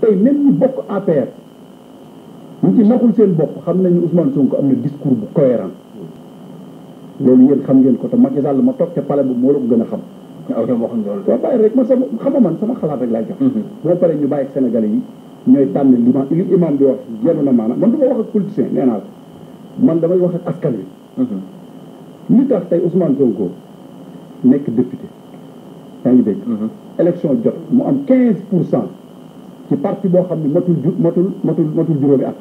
tey même ñu bokk APR ñu ci naxul seen bopp xam nañu Ousmane Sonko am na discours bu cohérent loolu yéen xam ngeen ko te Macky Sall ma toog te pale bu moo la gën a xam. waaw dama wax loolu. waaw rek man sama xama xalaat rek laay jox. Mhm. boo paree ñu bàyyi ak yi ñooy tànn li ma li imam bi wax yenn na maanaam man du ma wax ak politicien nee naa man damay wax ak askan wi. Mhm. li tax tey Ousmane ko nekk député yaa ngi dégg. Mhm. élection jot mu am 15 pour cent. ci parti boo xam ne matul ju matul matul matul juróomi at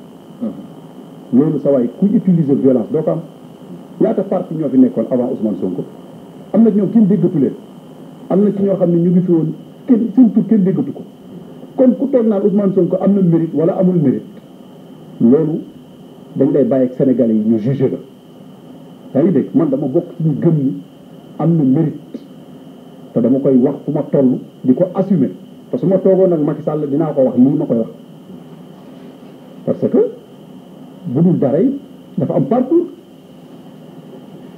loolu sa waay kuy utiliser violence doo ko am ñaata parti ñoo fi nekkoon avant Ousmane Sonko am na ñoom kenn déggatu leen am na ci ñoo xam ne ñu ngi fi woon kenn seen tur kenn déggatu ko kon ku toog naan Ousmane Sonko am na mérite wala amul mérite loolu dañ lay bàyyi ak Sénégalais yi ñu jugé la yaa ngi dégg man dama bokk ci ñu gëm ni am na mérite te dama koy wax fu ma toll di ko assumer te su ma toogoon ak Macky Sall dinaa ko wax nii ma koy wax parce que bu dul dara yi dafa am parcours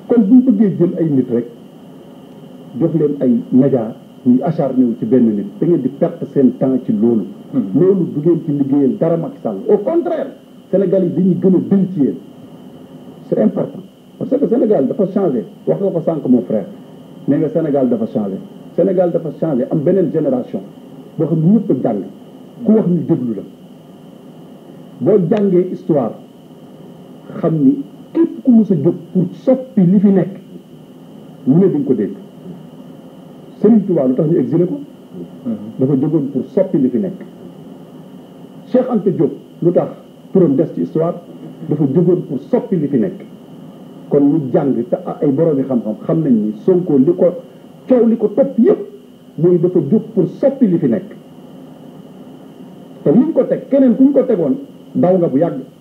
kon buñ bëggee jël ay nit rek jox leen ay média ñuy acharné wu ci benn nit da ngeen di perte seen temps ci loolu hmm. loolu du ci liggéeyal dara Macky Sall au contraire Sénégal yi dañuy gën a dël ci yéen c'est important parce que Sénégal dafa changé wax nga ko sànq moo frère nee Sénégal dafa changé Sénégal dafa changé am beneen génération boo xam ne ñëpp a jàng ku wax ñu déglu la boo jàngee histoire xam ni képp ku mës a jóg pour soppi li fi nekk mu ne dañ ko dégg Serigne Touba lu tax ñu exilé ko dafa jógoon pour soppi li fi nekk Cheikh Anta lu tax turam des ci histoire dafa jógoon pour soppi li fi nekk kon ñu jàng te ay boroomi xam-xam xam nañ ni Sonko li ko coow li ko topp yëpp mooy dafa jóg pour soppi li fi nekk te luñ ko teg keneen kuñ ko tegoon daw nga bu yàgg